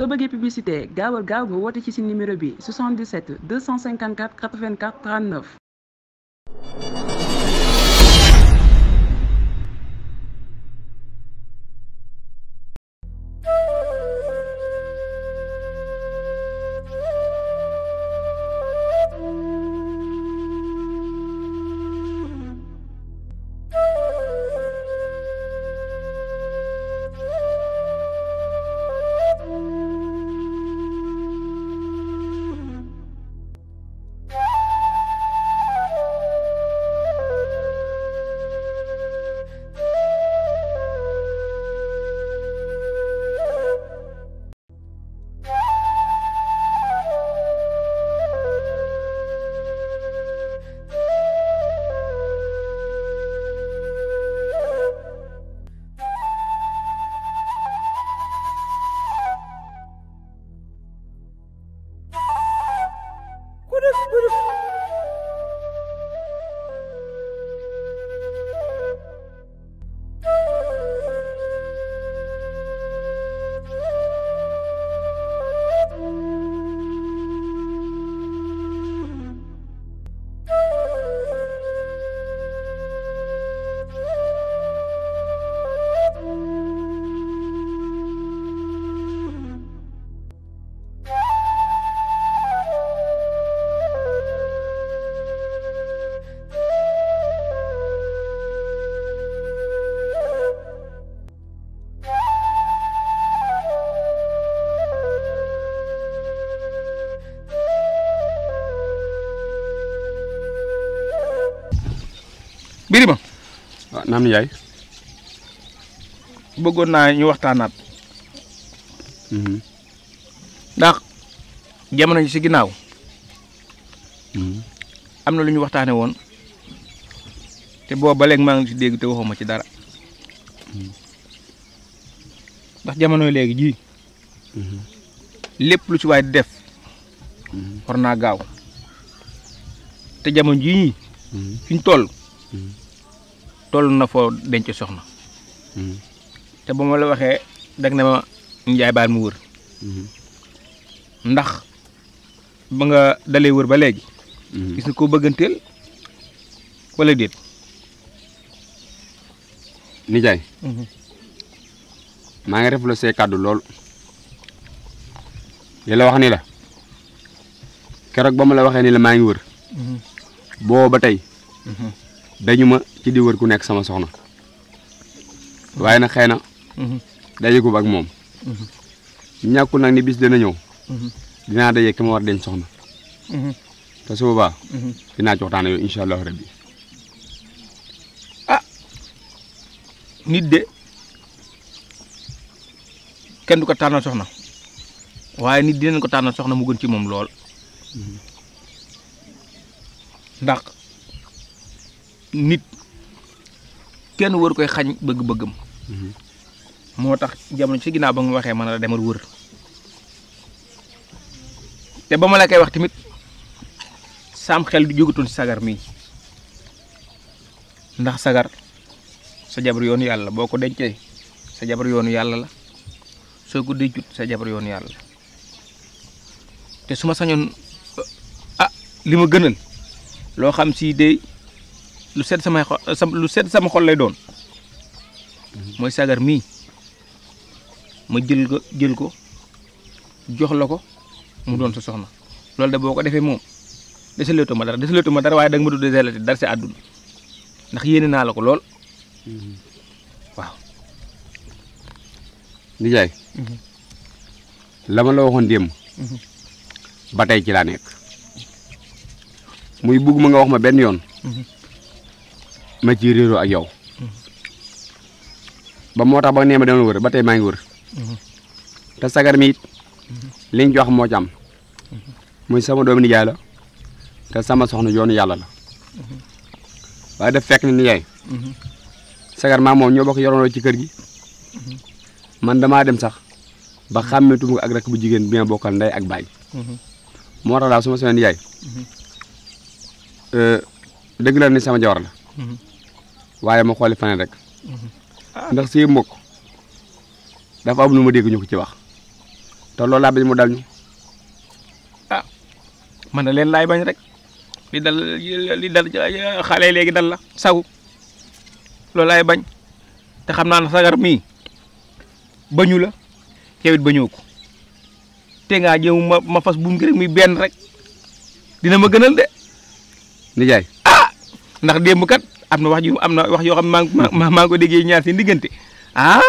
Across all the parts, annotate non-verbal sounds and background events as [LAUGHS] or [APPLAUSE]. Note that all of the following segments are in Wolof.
soo bëggee publicité gaawal gaaw nga woote ci si numéro bi 77 254 84 39 Birima. waaw ah, naam yaay. bëggoon naa ñu waxtaanaat. Mhm. ndax jamono ji si ginnaaw. Mhm. am na lu ñu waxtaane woon te boobu ba maa ngi si dégg te waxuma ci dara mhm. ndax jamono léegi jii lépp lu ci waay def war naa gaaw te jamono jii ñi fi ñu toll toll na foo denc soxna. Hmm. te ba ma la waxee dag na ma njaay baal mu wër. Hmm. ndax ba nga dalee wër ba léegi. Hmm. gis nga koo bëgganteel wala déet. nijaay. Mhm. maa ngi reflé see kàddu lool. li la wax ni la keroog ba ma la waxee ni la maa ngi wër. Mhm. boo ba tey. Mhm. dañu ma ci di wër ku nekk sama soxna waaye nag xëy na. dajagum ak moom. ñàkkul nag ni bis dana ñëw. dinaa daje ki ma war denc soxna. te su boobaa. dinaa yooyu incha allahu rabbi ah nit de kenn du ko tànnal soxna waaye nit dinañ ko tànnal soxna mu gën ci moom lool ndax. nit kenn wër koy xañ bëgg-bëggam mhm. moo tax jamono ci ginnaaw ba nga waxee mën a demal wër te ba ma la koy wax tamit saam xel di jógatoon si sagar mii ndax sagar sa jabar yoonu yàlla boo ko dencee sa jabar yoonu yàlla la soo ko dencut sa jabar yoonu yàlla te su ma sañoon ah li ma gënal loo xam si de lu sedd samay xol lu sedd sama xol lay doon mooy sagar mii ma jël ko jël ko jox la ko mu doon sa soxna loolu de boo ko defee moom desaleetu ma dara desaleetu ma dara waaye danga ma du desalati dara si àdduna ndax yéene naa la ko lool mm-hmm. waaw. nijaay mm-hmm. lama la waxoon démb mm-hmm. ba tey ci laa nekk muy bugg ma nga wax ma benn yoon ma ci réeroo ak yow ba moo tax ba nee ma dama wër ba tey maa ngi wër te sagar mi it liñ jox moo ci am muy sama doomu nijaay la te sama soxna joonu yàlla la waaye daf fekk ni nijaay sagar maa moom ñoo bokk yoroonoo ci kër gi man damaa dem sax ba xàmmeetuma ko ak rek bu jigéen bi ma bokkal ndey ak baay moo tax daal su ma nijaay mhm. euh, dëgg ni sama jawar la mhm. waaye ma xooli feneen rek mm-hmm. ndax sëy mbokk dafa am nu ma dégg ñu ko ci wax te loolu laa bañ mu dal ah, na leen laay bañ rek li léegi dal la sagu loolu laay bañ te xam naa ne sagar mii bañu la yow it te ngaa ñëw ma ma fas buum gi rek muy benn rek dina ma gënal de nijaay ah ndax démb kat am na wax ju am na wax yoo xam maa maa maa ngi ko déggee ñaar seen diggante ah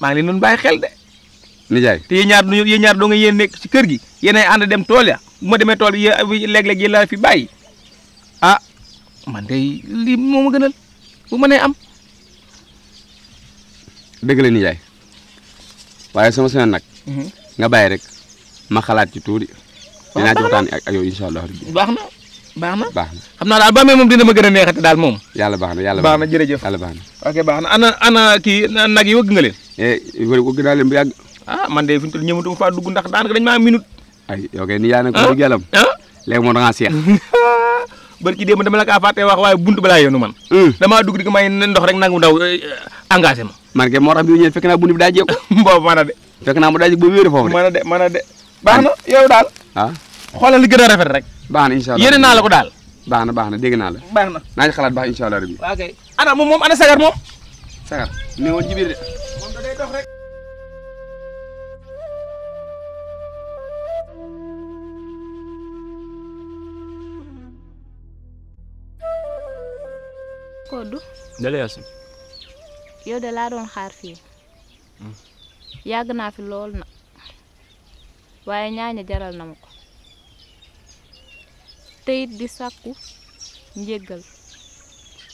maa ngi leen doon bàyyi xel de. nijaay te yéen ñaar yéen ñaar doo nga yéen nekk ci kër gi yéen ay ànd dem tool ya bu ma demee tool bi léeg-léeg yéen laa fi bàyyi ah man de lii moo ma gënal bu mënee am. dëgg la nijaay waaye sama semaine nag. Mhm. nga bàyyi rek ma xalaat ci tuuti. dinaa ci waxtaan ak yow incha allah. baax na. baax na baax na xam naa daal ba amee moom dina ma gën a neexati daal moom. yàlla baax na yàlla baax na jërëjëf yàlla baax na. ok baax na ana ana kii nag yi wëgg nga leen. Eh, wëgg naa leen bu yàgg. ah man de fi mu toll faa dugg ndax daanaka dañ maa minute. ay ok ni yaa ne ko dugg yàlla. léegi moom da ngaa seex. [LAUGHS] bari ci démb dama la kaa fàtte wax waaye buntu balaa yoonu man. Hmm. damaa dugg di ko may ndox rek nangu ndaw eh, engagé ma. man moo tax bi ñëwee fekk naa bi daa jéego. [LAUGHS] boobu man de. fekk naa mu daa jéego ba wéeru foofu de. man a de man a na yow daal. ah xoolal li gën a rafet rek baax na incha allah yéene naa ko daal. baax na baax na dégg naa la. baax na naa ci xalaat baax incha allah rabbi. ana sagar moom. sagar ne woon de. moom da day dox fii. Hmm. yàgg lool na waaye ñaaña jaral na ma te di sàkku njégal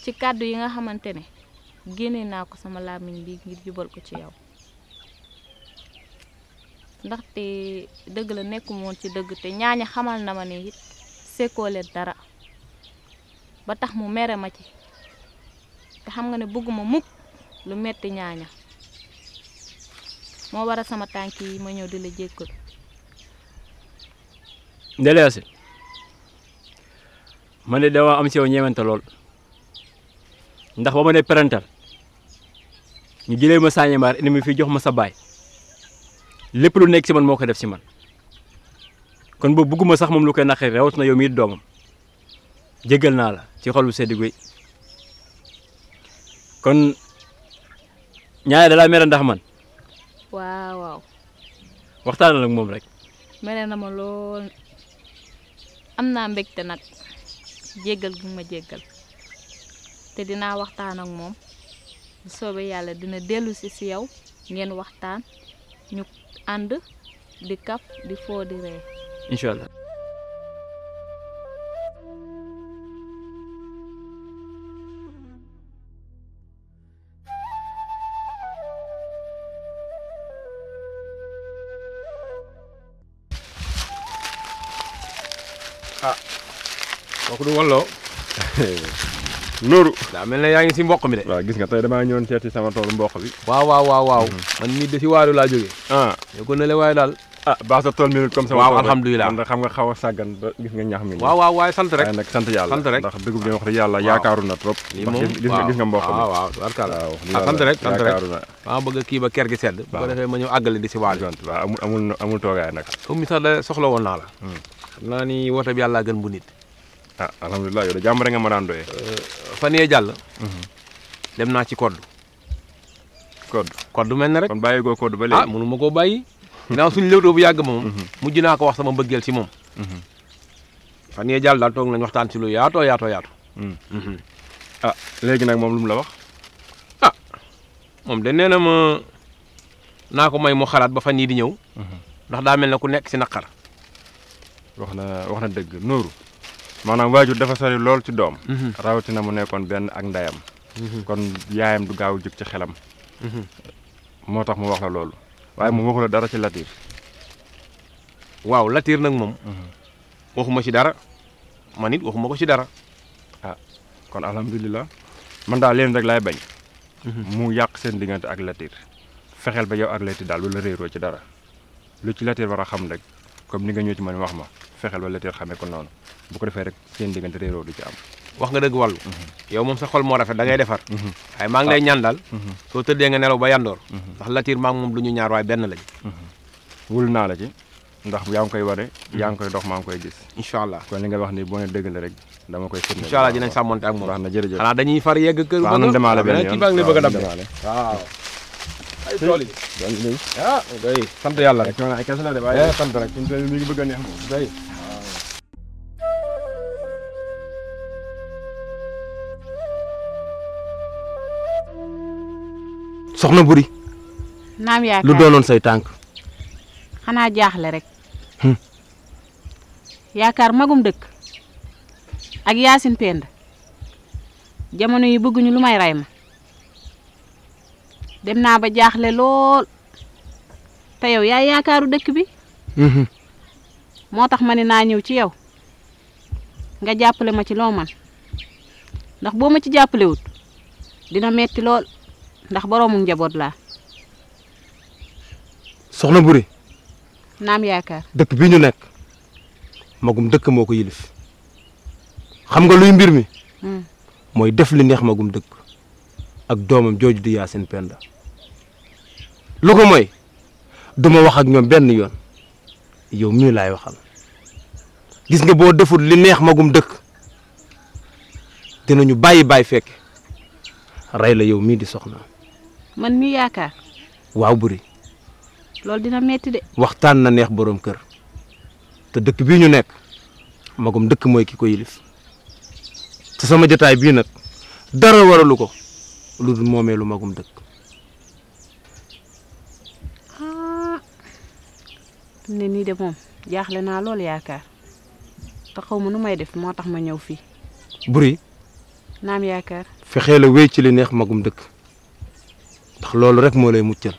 ci kàddu yi nga xamante ne génne naa ko sama làmmiñ bi ngir jubal ko ci yow ndaxte dëgg la nekkuma woon ci dëgg te ñaaña xamal na ma ne it sekkoo dara ba tax mu mere ma ci te xam nga ne bëgguma mukk lu metti ñaaña moo waral sama tànk yi ma ñëw di la jékkul. Ndeye man de dama am si yow ñeewante lool ndax ba ma ne parental ñu jëlee ma saa ñembaar indi fi jox ma sa baay lépp lu nekk si man moo ko def si man kon boobu bugguma sax moom lu koy naqari na yow mii doomam jéggal naa la ci xol bu sedd guy kon ñaare dalaa mere ndax man. waaw waaw. waxtaanal ak moom rek. mere na ma lool am naa mbégte nag. jéggal gi ma jéggal te dinaa waxtaan ak moom bu soobee yàlla dina dellusi ci si yow ngeen waxtaan ñu ànd di kaf di foo di ree kooku du walloo [LAUGHS] Nooru. daa mel yaa ngi si mboq mi de. waaw gis nga tey damaa ñëwoon seeti sama toolu mboq bi. waaw waaw waaw waaw. Mhm. man mii de si waaru laa jógee. Ah. waaye daal. ah baax sa tool minute comme sama. waaw alhamdulilah man nga xaw a sàggan ba gis ñax mi. waaw waaye sant rek sant yàlla. sant rek ndax dugub bi wax dëgg yàlla yaakaaru na trop. lii moom waaw gis nga mboq bi waaw waaw. waaw ah sant rek sant rek waaw bëgg kii ba ker gi sedd. bu defee ma ñëw àggale di si waaru. waaw amul amul toogaay nag. comme misaal soxla woon naa la. Hmm. xam naa ni woote bi yàlla gën bu nit ah alhamdulilah yow de jàmm rek nga ma daan doyee. Euh, fan yee jàll. Mhm. dem naa ci code. code code mel na rek. kon bàyyi goo code ba ah, léegi mënu ma koo bàyyi. ginnaaw suñu lëwtoo yàgg moom. Mhm. mujj naa ko wax sama mbëggeel ci moom. Mhm. fan yee jàll daal waxtaan ci lu yaatoo yaatoo yaatu. Ah, léegi nag moom lu mu la wax. Ah, moom de nee na ma naa ko may mu xalaat ba fan yii di ñëw. ndax daa mel ne ku nekk si naqar. wax na wax na dëgg nooru. maanaam waajur dafa sori lool ci doom mhm. rawatina mu nekkoon benn ak ndeyam mhm. kon yaayam du gaaw jóg ci xelam mhm. moo tax mu wax la loolu waaye mu waxu dara ci Latir waaw latiir nag moom waxuma ci dara man it waxuma ko ci dara ah kon alhamdulilah man daal leen rek laay bañ mu yàq seen diggante ak Latir fexeel ba yow ak Latir daal bu la réeroo ci dara lu ci Latir war a xam rek comme ni nga ñëw ci man wax ma fexeel wala teel xamee ko noonu bu ko defee rek seen diggante réeroo du ci am. wax nga dëgg wàllu. Mhm. yow moom sa xol moo rafet da ngay defar. Mhm. waaye maa ngi lay ñaan daal. Mhm. soo tëddee nga nelaw ba yandoor. ndax latiir maa ngi moom du ñu ñaar waaye benn lañ. wul la ci ndax yaa koy gis. incha allah kon li nga wax ni boo ne dëgg la rek dama koy. firndeel incha allah dinañ sàmmante moom. xanaa dañuy far yegg kër. waaw noonu demaale benn yoon ay tool yi. sant yàlla rek. sant rek fi mu toll a neex moom day. soxna lu doonoon say tànk. xanaa jaaxle rek. yaakaar magum dëkk. ak yaasin pend jamono yi bëgguñu lu may ray dem naa ba jaaxle lool te yow yaay yaakaaru dëkk bi. Mm-hmm. moo tax ma ne naa ñëw ci yow nga jàppale ma ci looman ndax boo ma ci jàppalewut dina metti lool ndax boroomu njaboot laa. soxna Buri. naam yaakaar. dëkk bi ñu nekk magum dëkk moo ko yilif xam nga luy mbir mi. Mm. mooy def li neex magum dëkk. ak doomam jooju di Yacine Penda lu ko mooy du ma wax ak ñoom benn yoon yow mii laay waxal gis nga boo deful li neex magum dëkk dinañu bàyyi bàyyi fekk rey la yow mii di soxna man mi yaakaar waaw buri loolu dina metti de waxtaan na neex boroom kër te dëkk bii ñu nekk magum dëkk mooy ki ko yilif te sama jotaay bii nag dara waralu ko lu dul moomee lu magum dëkk. Ah, ne nii de moom jaaxle naa loolu yaakaar te xaw ma nu may def moo tax ma ñëw fii. buri naam yaakaar. fexee la wéy ci li neex magum dëkk ndax loolu rek moo lay muccal.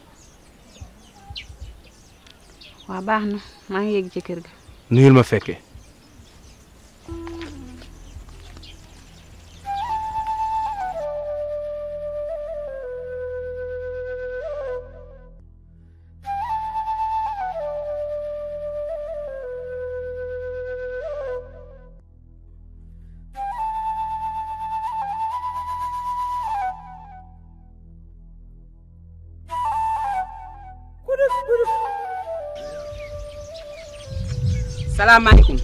waa baax na maa ngi yegg ci kër ga. nuyul ma fekkee. salaamaaleykum.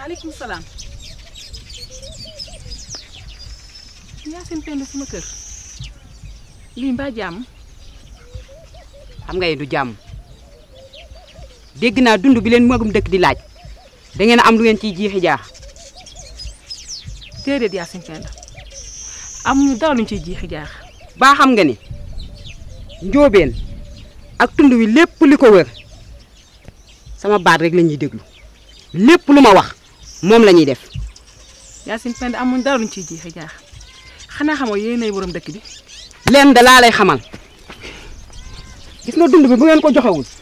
maalekum salaam. yaa seen pend suma kër. lii mbaa jàmm. xam nga du jàmm. dégg naa dund bi leen magum dëkk di laaj. dangeen am lu ngeen ciy jiixi jaax. déedéet yaa seen pend amuñu dara luñ ciy jiixi jaax. baa xam nga ni njóobeen ak tund wi lépp li ko wër sama baat rek la ñuy déglu lépp lu ma wax moom la ñuy def. Yacine Penda amuñ dara luñ ciy jeexee jaax xanaa xamoo yéenay borom dëkk bi. leen da lay xamal gis nga dund bi bu ngeen ko joxewul